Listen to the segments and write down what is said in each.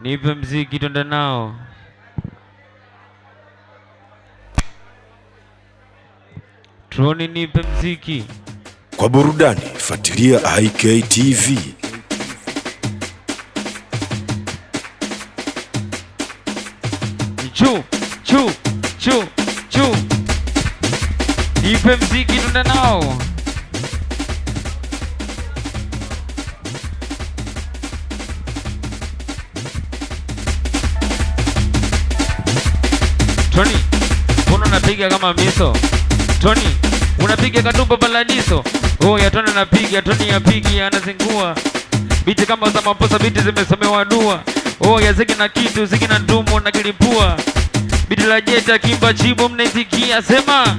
Nipe mziki twende nao. Troni nipe mziki. Kwa burudani fuatilia IK TV. Chu, chu, chu, chu. Nipe mziki twende nao. Tony, mbona unapiga kama miso? Tony, unapiga katumbo paladiso. Oh ya Tony anapiga, Tony apiga anazingua. Biti kama za maposa, biti zimesomewa dua. Oh ya ziki na kitu, ziki na ndumo na kilipua. Biti la jeta kimba chibu mnaisikia sema.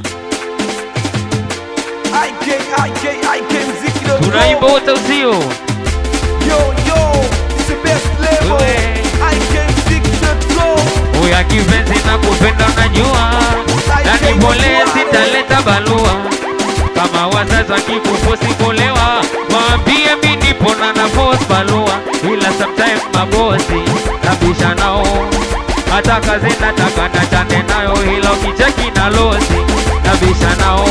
IK IK IK mziki ndio. Tunaimba wote usio. Yo yo, it's the best level. Uwe. kupata kikuposikolewa waambie mimi nipo na na balua, ila sometimes mabosi nabisha nao, hata kazi nataka nachane nayo, ila ukicheki na losi nabisha nao,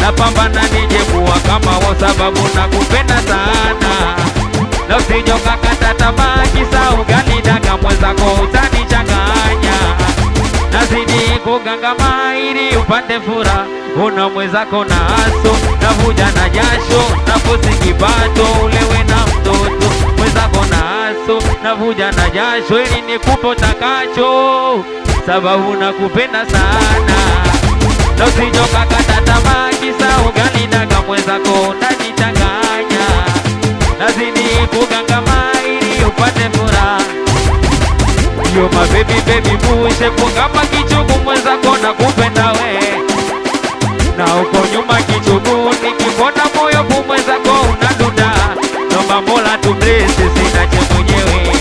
napambana nije kuwa kama wao, sababu nakupenda sana na usijoka kata tamaa, kisa ugali daga mwenzako utanichanganya, nazidi kugangama ili upande furaha una mwezako na aso navuja na jasho nakosi kibato ulewe na mtoto mwezako na aso navuja na jasho ili nikupo takacho sababu nakupenda sana na usichoka kata tamaa kisa uganitaka mwezako najitanganya nazidi kugangama ili upate furaha yo mabebi bebi bushe kugamba kichuku mwezako nakupenda we na uko nyuma kichuku, nikipona moyo kwa unadunda, nomba Mola tu sina sinache mwenyewe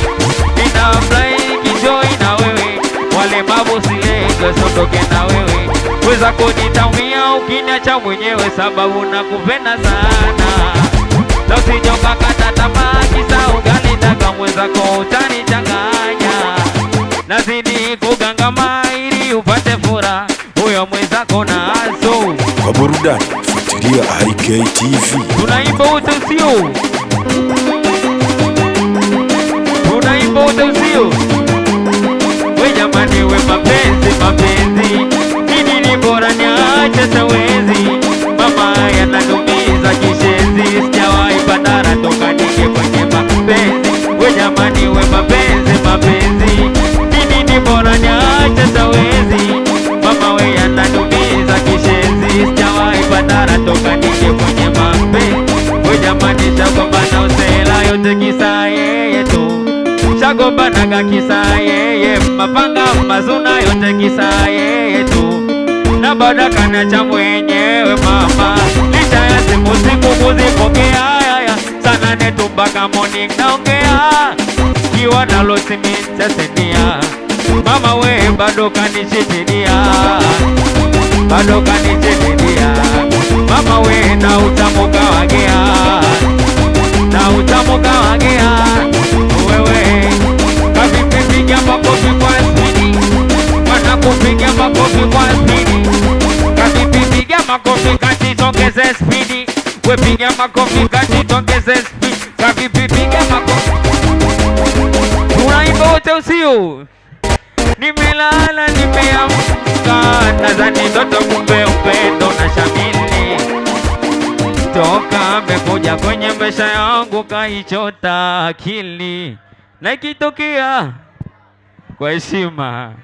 fly kijoi na wewe, walemavu silenga sondoke na wewe, weza kunitamia ukiniacha mwenyewe, sababu nakupenda sana na usinyonga kata tamaa, kisa uganitaka mwenzako utanichanganya, nazidi kugangama ili upate fura huyo mwenzako na burudani, fuatilia IK TV. Tunaimba wote, sio? Naga kisa yeye mapanga mazuna yote kisa yeye tu na bada kana cha mwenyewe mama licha ya siku siku kuzipokea haya sana netu mpaka morning naongea kiwa nalosimintesenia mama we bado kanishikilia bado kanishikilia mama we na utamuka wagea na utamuka wagea. ongeze spidi, wepiga makofi kati, tuongeze spidi kavipi, piga makofi, tunaimba wote usiu. Nimelala nimeamka, nazani ndoto kumbe upendo na shamili toka amekuja kwenye maisha yangu, kaichota akili na ikitokea kwa heshima